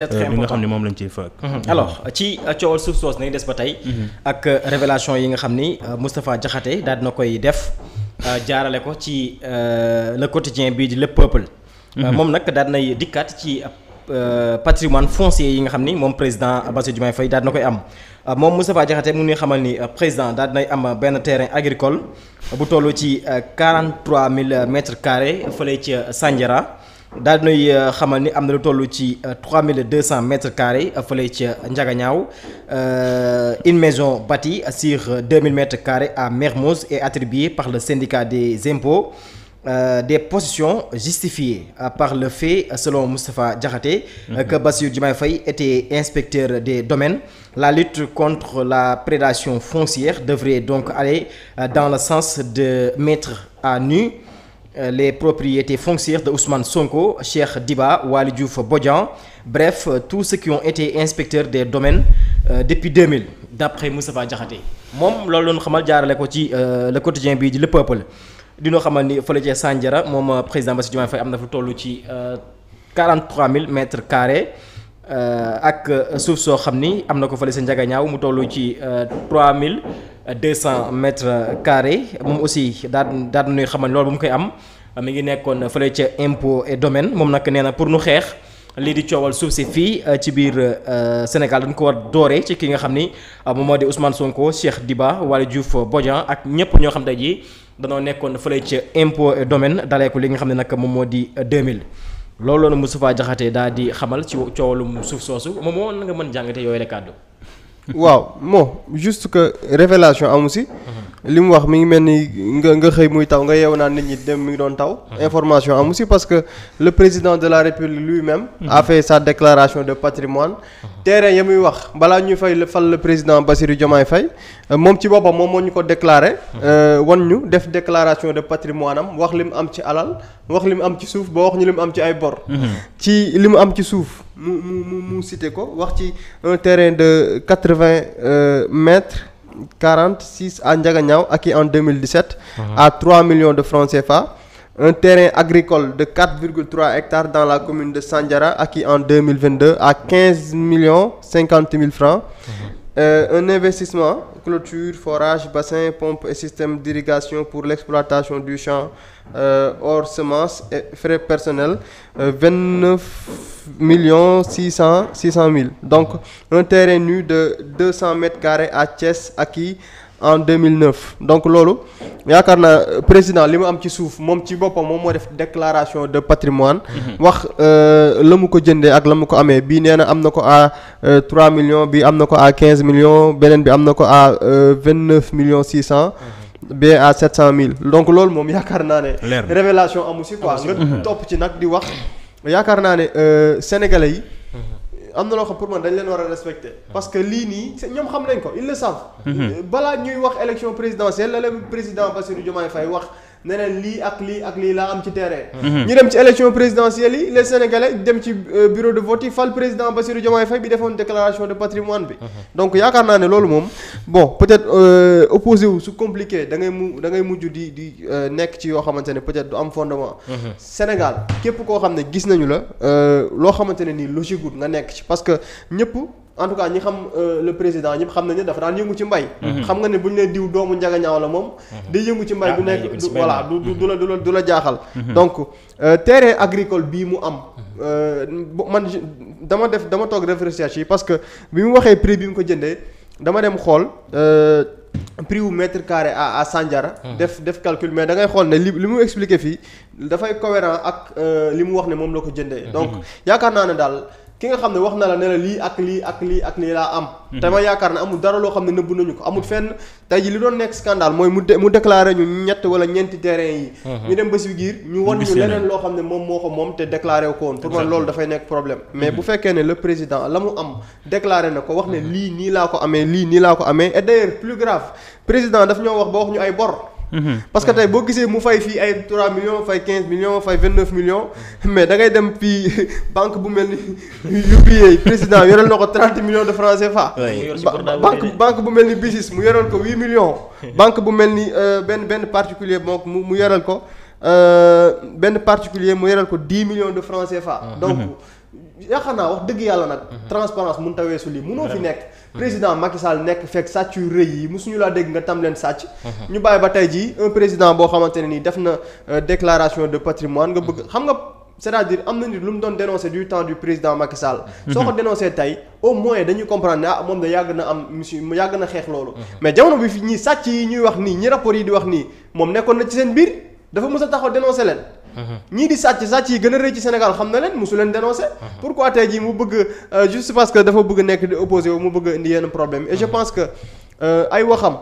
très euh, nga xam ne moom lañ ci fekk. Mhm. alors ci coowal suuf soos des ba tey. Mhm. ak révélation yi nga xam ni euh, Moustapha Diakhaté daal dina koy def euh, jaarale ko ci le quotidien bii di le peuple. Mhm. moom nag daal nay dikkaat ci patrimoine foncier yi nga xam ni moom président Bassirou Diomaye Faye daal na koy am. moom Moustapha Diakhaté mu ngi xamal ni président daal dinay am benn terrain agricole bu toll ci 43000 mètres carrés fële ci Sandiara. daal di euh, xamal ni am na lu toll ci 3200 euh, mètres carrés euh, fële ca Njagañaaw une maison bâtie sur 2000 mètres carrés à Mermoz et attribuée par le syndicat des impôts euh, des possessions justifiées par le fait selon Moustapha Diakhaté mmh. que Bassirou Diomaye Faye était inspecteur des domaines la lutte contre la prédation foncière devrait donc aller dans le sens de mettre à nu Euh, les propriétés foncières de Ousmane Sonko, Cheikh Diba, Wali Diouf Bodjan, bref, euh, tous ceux qui ont été inspecteurs des domaines euh, depuis 2000, d'après Moustapha Diakhaté. moom loolu doon xamal jaarale ko ci euh, le quotidien bii di le peuple dina xamal ni fële ca Sandiara moom président Bassirou Diomaye Faye am na fu toll ci 43000 mètres carrés. Euh, ak euh, suuf soo xam ni am na ko fële sa njagañaaw mu toll ci euh, mille 3200 mètres carrés moom aussi daal daal nuy xamal loolu bu mu koy am mi ngi nekkoon fële ca impôt et domaine moom nag nee na pour nu xeex li di coowal suuf si fii ci biir Sénégal dañ ko war dooree ci ki nga xam ni moom moo di Ousmane Sonko Cheikh Diba Waly Diouf Bodian ak ñëpp ñoo xam tey jii danoo nekkoon fële ca impôt et domaine dalee li nga xam ne nag moom moo di 2000. loolu la Moustapha Diakhaté daal di xamal ci coowalum suuf soosu moom moo na nga mën jàngate yooyu la kàddu waaw moo juste que révélation amu si. Mhm. li mu wax mi ngi mel ni nga nga xëy muy taw nga yeew naa nit ñi dem mi ngi doon taw. Mhm. information amu si parce que le président de la république lui-même. Mhm. a sa déclaration de patrimoine. terrain ya muy wax balaa ñuy fay fal le président Bassirou Diomaye fay euh, moom ci boppam moom moo ñu ko déclaré. Euh, wan ñu def déclaration de patrimoine am wax li mu am ci alal wax li mu am ci suuf boo wax ñu li mu am ci ay bor. ci li mu am ci suuf. mu mu mu mu cité ko wax ci un terrain de quatre vingt euh, mètres quarante six à Ndiaganiao acquis en 2017. Ah. à 3 millions de francs CFA. un terrain agricole de 4,3 hectares dans la commune de Sandiara acquis en 2022 à 15 millions 50 mille francs. Ah. Euh, un investissement clôture forage bassin pompe et système d'irrigation pour l'exploitation du champ euh, hors semences et frais personnels euh, vingt-neuf millions six cent six cent mille donc un terrain nu à Thiès en 2009 donc loolu yaakaar naa euh, président li mu am ci suuf moom ci boppam moom moo def déclaration de patrimoine mhm. wax euh, la mu ko jëndee ak la mu ko amee bii nee na am na ko à 3 euh, millions bi am na ko à 15 millions beneen bi am na ko à 29 millions 600. Mhm. ba à 700 000 donc loolu moom yaakaar naa ne. révélation amu si quoi nga mhm. topp ci nag di wax yaakaar naa ne sénégalais yi. am na loo xam pour man dañ leen war a respecter parce que lii nii ñoom xam nañ ko ils le savent. Mhm. balaa ñuy wax élection présidentielle la leen président Bassirou Diomaye fay wax. ne lii ak lii ak lii laa am ci terrain. Mhm. ñu dem ci élection président yi les sénégalais dem ci euh, bureau de vote yi fal président Bassirou Diomaye Faye bi defoon déclaration de patrimoine bi. Mhm. donc yaakaar naa ne loolu moom bon peut-être euh, opposé wu su compliqué da ngay mu da ngay mujj di di euh, nekk ci yoo xamante ne peut-être du am fondement. Mhm. Sénégal képp koo xam ne gis nañu la loo xamante ne nii logique wut nga nekk ci parce que ñëpp. en tout cas ñi xam euh, le président ñëpp xam nañu ne dafa daan yëngu ci mbay. Mhm. xam nga ne bu ñu nee diw doomu njagañaaw la moom. Mhm. day yëngu ci mbay ah, du nekk voilà du du la du la du la jaaxal. Mhm. donc euh, terrain agricole bii mu am. Euh, man dama def dama toog def recherche yi parce que bi mu waxee prix bi mu ko jëndee dama dem xool. prix wu mètre carré à à Sandiara. def def calcul mais da ngay xool ne li li mu explique fii dafay cohérent ak li mu wax ne moom la ko jëndee. donc yaakaar naa ne daal. ki nga xam ne wax na la ne la lii ak lii ak lii ak lii laa am. dama mhm. yaakaar ne amul dara loo xam ne nëbb nañu ko amul fenn tey ji li doon nekk skandaal mooy mu mu déclaré ñu ñett wala ñeenti terrain yi. Mhm. ñu dem ba si giir ñu wan ñu leneen loo xam ne moom moo ko moom te déclaré ko woon. pour man loolu dafay nekk problème. mais mhm. bu fekkee ne le président la mu am déclaré na ko wax ne lii nii laa ko amee lii nii laa ko amee et d'ailleurs président daf ñoo wax ba ay bor. Mm-hmm. parce que tey boo gisee mu fay fii ay 3 millions fay 15 millions fay 29 millions mm-hmm. mais da ngay dem fii banque bu mel ni UBA président yoreel na ko 30 millions de francs CFA. banque banque bu mel ni BICIS mu yoreel ko 8 millions. banque bu mel ni euh, benn benn particulier donc mu mu yoreel ko euh, benn particulier mu yoreel ko 10 millions de francs fa ah. donc mm-hmm. yaakaar wax dëgg yàlla nag. transparence mun tawee su lii munoo fi nekk. président Macky Sall nekk fekk sàcc yu rëy yi suñu laa dégg nga tam leen sàcc. Mhm. ñu bàyyi ba tey jii un président boo xamante ne nii def na euh, déclaration de patrimoine nga bëgg xam nga. c'est-à-dire am na nit lu mu doon dénoncé du temps du président Macky Sall. Mhm. soo ko dénoncé tey au moins dañuy comprendre ne ah moom da yàgg na am monsieur yàgg na xeex loolu. Mhm. mais jamono bi fi ñi sàcc yi ñuy wax nii ñi rapport yi di wax nii moom nekkoon na ci seen biir dafa mës a taxaw dénoncé leen. ñii di sàcc sàcc yi gën a rëy ci Sénégal xam na leen mosu leen dénoncé uh-huh. pourquoi tey jii mu bëgg euh, juste parce que dafa bëgg nekk di opposé wu mu bëgg indi yenn problème et je uh-huh. pense que euh, ay waxam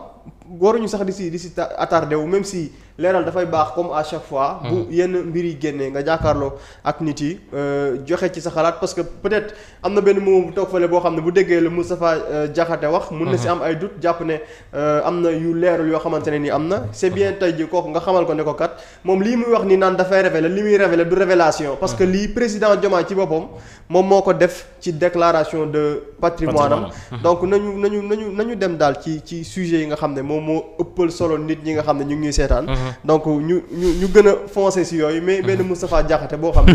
waruñu sax di si di si attardé wu même si leeral dafay baax comme à chaque fois. Hmm. bu yenn mbir yi génnee nga jàkkaarloo ak nit yi euh, joxe ci sa xalaat parce que peut-être am na benn moom bu toog fële boo xam ne bu déggee lu Moustapha euh, Diakhaté wax. mun na si hmm. am ay doute jàpp ne euh, am na yu leerul yoo xamante ne ni am na. c'est bien hmm. tey jii kooku nga xamal ko ne ko kat moom lii muy wax ni naan dafay révéler li muy révéler du révélation parce que lii président Diomaye ci boppam moom moo ko def ci déclaration de patrimoine am donc nañu nañu nañu nañu dem daal ci ci sujet yi nga xam ne moom moo ëppal solo nit ñi nga xam ne ñu ngi seetaan donc ñu ñu ñu gën a si yooyu mais benn Moustapha Diakhaté boo xam ne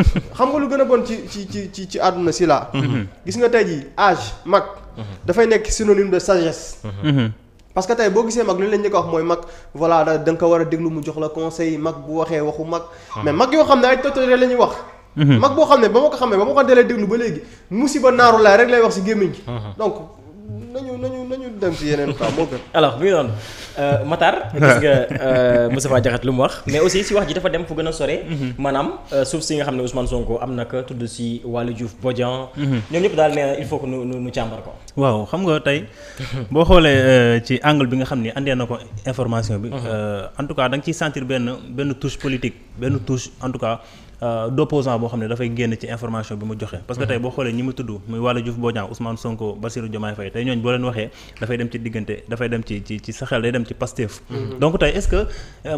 xam nga lu gën a bon ci ci ci ci ci àdduna si laa mhm. gis nga tey ji âge mag mhm. dafay nekk synonyme de sagesse mhm. parce que tey boo gisee mag li ñu leen ñu ko wax mooy mag voilà da nga ko war a déglu mu jox la conseil mag bu waxee waxu mag mais mag yoo xam ne ay totore la ñuy wax mag boo xam ne ba ma ko xamee ba ma ko delee déglu ba léegi musiba naaru laay rek lay wax si gémmiñ gi donc nañu nañu dem si yeneen quoi moo gën. alors noonu euh, Matar. gis nga euh, Moustapha lu mu wax. mais aussi si wax ji dafa dem fu gën a sore. Mhm. maanaam euh, suuf si nga xam ne Ousmane Sonko am na ko tudd si Waly Diouf Bodian. Mhm. ñoom ñëpp daal nee il faut que nu nu nu ko. waaw xam nga tey boo xoolee ci angle bi nga xam ni andee na ko information bi. Mhm. en tout cas da nga ciy sentir benn benn touche politique benn touche en tout cas. Euh, d'opposant boo xam ne dafay génn ci information bi mu joxe parce que tey boo xoolee ñi mu tudd muy Waly Diouf Bodian Ousmane Sonko Bassirou Diomaye Faye tey ñooñ boo leen waxee dafay dem ci diggante dafay dem ci ci sa xel day dem ci Pastef mhm. donc tey est euh,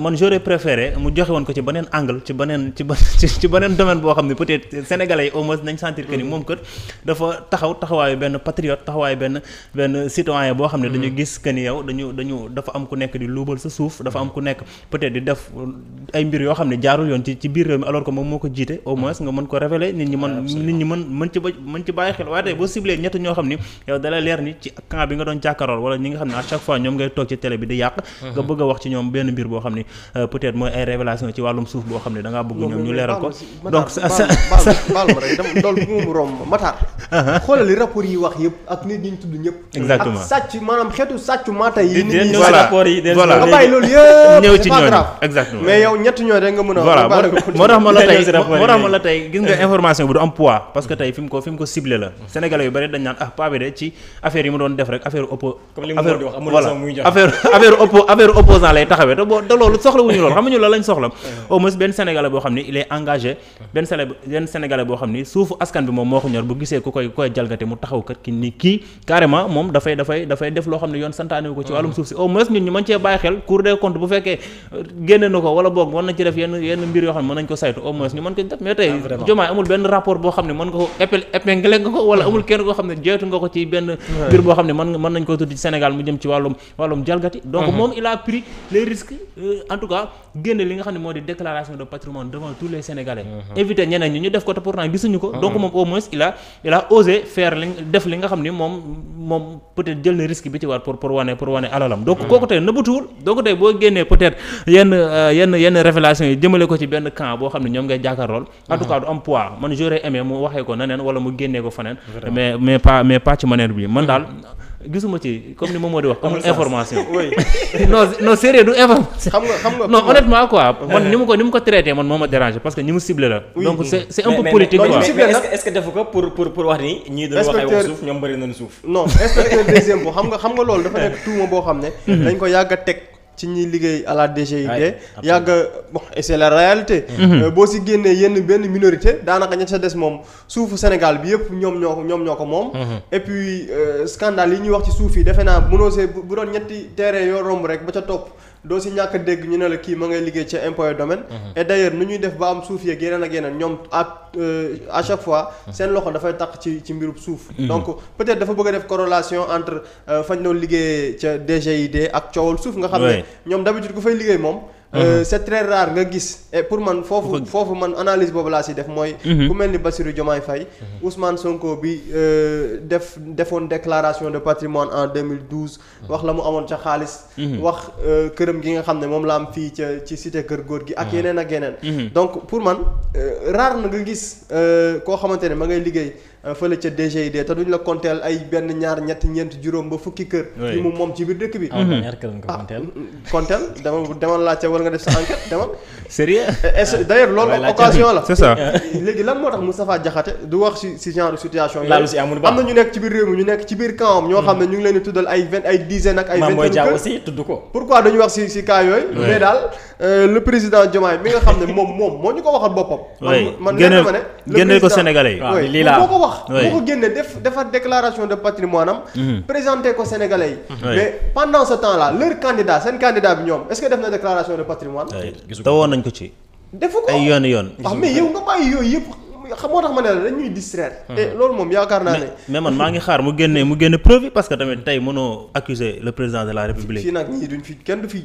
man j'aurais préféré mu joxe woon ko ci beneen angle ci beneen ci ci beneen domaine boo xam ne peut-être yi au moins nañ sentir que moom kat dafa taxaw taxawaayu benn patriote taxawaayu benn benn moo ko jiite au moins nga mën ko révéler nit ñi mën nit ñi mën mën ci ba mën ci bàyyi xel waaye tey boo ciblé ñett ñoo xam nga mhm. a mën a voilà moo tax ma la tey moo la tey gis nga information bi du am poids parce que tey fi mu ko fi la sénégalais yu bari dañ naan ah paa de ci affaire yi mu doon def rek affaire oppo affaire affaire lay taxawee te boo te loolu soxla wuñu loolu xamuñu loolu lañ soxla au benn sénégalais boo xam ni suufu askan bi moom moo ko bu gisee ku koy ku mu taxaw kat ki ni kii carrément moom dafay dafay dafay def loo xam ne yoon santaane ko ci wàllum moins ñu mën ko def mais tey ah, Diomaye amul benn rapport boo xam ne mën nga ko épel épinglé nga ko ah. wala amul kenn koo xam ne jeytu nga ko ci benn ah. mbir boo xam ne mën nañ ko tudd ci Sénégal mu jëm ci war pour pour wane pour wane alalam donc kooku tey nëbbatuwul donc tey boo génnee peut euh, yenn yenn révélation yi jëmale ko ci benn camp boo xam ne ñoom ngay jàkkaarlool en tout du am poids man j'aurais aimé mu waxee ko neneen wala mu génnee ko faneen mais mais pas mais pas ci manière bi man daal mm-hmm. gisuma ci comme ni moom moo di wax amul information non non sérieux du information xam nga xam nga non honnêtement eh. parce que ñi mu ciblé la donc c'est c'est un politique quoi pour pour wax ni ñii dañu wax wax suuf ñoom bëri nañu suuf non inspecteur des impôts xam nga xam nga loolu dafa nekk tuuma xam ne mm-hmm. dañ ko yàgg ci ñuy liggéey à la DGID yàgg bon et la réalité mhm. euh, boo si génnee yenn benn minorité daanaka ña ca des moom suufu Sénégal bi yëpp ñoom ñoo ko ñoom ñoo ko moom mhm. et puis euh, scandale yi ñuy wax ci suuf yi defe naa mënoo see bu doon ñetti tere yoo romb rek ba ca topp doo si ñàkk dégg ñu ne la kii ma ngay liggéey ci impôt et domaine mhm. et d'ailleurs nu ñuy def ba am suuf yeeg yeneen ak yeneen ñoom à euh, à chaque fois mhm. seen loxo dafay taq ci ci mbirub suuf mhm. donc peut-être dafa bëgg a def corrélation entre euh, fañ doon liggéey ca DGID ak coowal suuf nga xam ne ñoom d'habitude ku fay liggéey moom Euh, uh-huh. c' est très nga gis pour man foofu foofu man analyse boobu laa si def mooy uh-huh. ku mel ni Bassirou Diomaye fay uh-huh. Ousmane Sonko bi euh, def defoon déclaration de patrimoine en 2012 wax la mu amoon ca xaalis wax euh, këram gi nga xam ne moom la am fii ca ci cité kër góor gi ak yeneen ak yeneen donc pour man rar na nga gis koo xamante ne ma ngay liggéey Euh, fële ca DGID te duñ la konteel ay benn ñaar ñetti ñeent juróom ba fukki kër. yi mu moom ci biir dëkk bi. ah mhm. ñaar kër nga ko ah, konteel. demal demal laajte war nga def sa enquête demal. sérieux eh, est d'ailleurs loolu occasion la. c'est ça léegi lan moo tax Moustapha Diakhaté du wax si si genre situation. laalu si amul ba am na ñu nekk ci biir réew mi nekk ci biir camp am. xam ne mhm. ñu leen di tuddal ay vingt ay ay vingt tudd ko. pourquoi dañu wax si si cas yooyu. mais daal euh, le président Diomaye mi nga xam ne moom moom moo ñu ko waxal boppam. man man gën a gën a ko sénégalais yi wax. oui mu ko génne def defar déclaration de patrimoine am. Mhm. présenté ko Sénégalais yi. mais pendant ce temps là leur candidat seen candidat bi ñoom est ce que def na déclaration de patrimoine. te woon nañ ko ci. defu ko ay yoon yoon. Ah, mais yow nga bàyyi yooyu yëpp. xam moo tax ma ne la dañ ñuy distraire. Hmm. et eh, loolu moom yaakaar naa ne. mais man maa ngi xaar mu génne mu génne preuve parce que tamit tey mënoo accuser le président de la république. fii nag ñii duñ fi kenn du fi.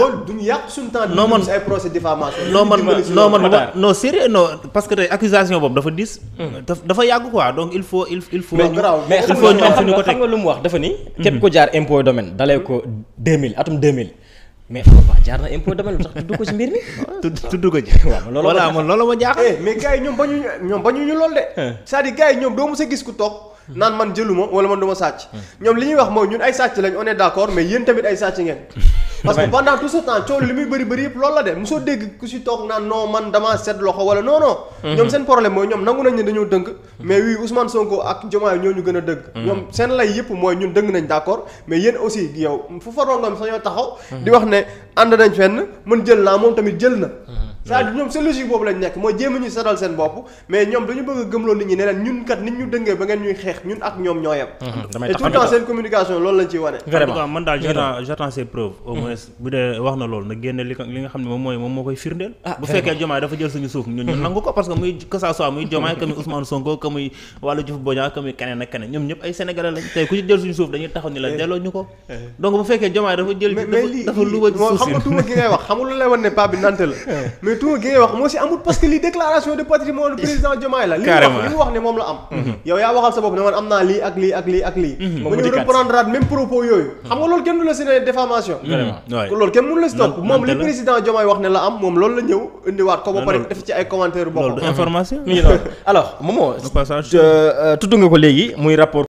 loolu ah! duñ yàq suñu temps. non man ay procès diffamation. non man non man non sérieux non parce que tey accusation boobu dafa dis. Hmm. dafa yàgg quoi donc il faut il faut. mais garaaw mais xam nga lu mu wax dafa ni. képp hmm. ko jaar impôt domaine dalee ko 2000 atum 2000. mais wax oh, jaar na impôt domaine lu tax tudd ko ci mbir mi. tudd ko ci waaw loolu voilà man loolu ma jaaxal. Eh, mais gars yi ñoom bañuñu ñoom bañuñu lool de. c'est-à-dire gars yi ñoom doo mës a gis ku toog. naan man jëluma wala man du ma sàcc. ñoom li ñuy wax mooy ñun ay sàcc lañ on est d'accord mais yéen tamit ay sàcc ngeen. parce que pendant tout ce temps coow li muy bëri bëri yëpp loolu la de mosoo dégg ku si toog naan non man damaa set loxo wala non non. Mhm. ñoom seen problème mooy ñoom nangu nañ ne dañoo dëng. mais oui Ousmane Sonko ak Diomaye ñoo ñu gën a dëgg. Mhm. ñoom seen lay yëpp mooy ñun dëng nañ d' mais yéen aussi yow fu fa rongoom sañoo taxaw. di wax ne ànd nañ fenn man jël naa moom tamit jël na. Mhm. cest à ñoom seen logique boobu lañ nekk mooy jéem ñu setal seen bopp mais ñoom dañu bëgg a gëmloo nit ñi ne ñun kat nit ñu dëngee ba ngeen ñuy xeex ñun ak ñoom ñoo yem mhm. et tout le temps seen communication au mhm. moins bu dee wax na loolu na génne li nga xam ne moom mooy moom moo koy firndeel ah, bu fekkee jomaay dafa jël suñu suuf ñu mhm. nangu ko parce que muy que soit muy jomaay que muy Ousmane Sonko que muy Waly Diouf Bodian que muy keneen ak keneen tout gi ngay wax moo si amul parce li déclaration de patrimoine président Diomaye la. li mu wax li mu wax ne moom la am. Mhm. yow yaa waxal sa bopp ne man am naa lii ak lii ak lii mhm. moom mu di reprendre yooyu. xam nga loolu kenn du la si ne déformation. Mhm. vraiment kenn mënu la si topp moom li président Diomaye wax ne la am moom loolu la ñëw indiwaat ko ba def ci ay commentaires boppam. loolu du information. alors Momo. Euh, tudd nga ko léegi muy rapport.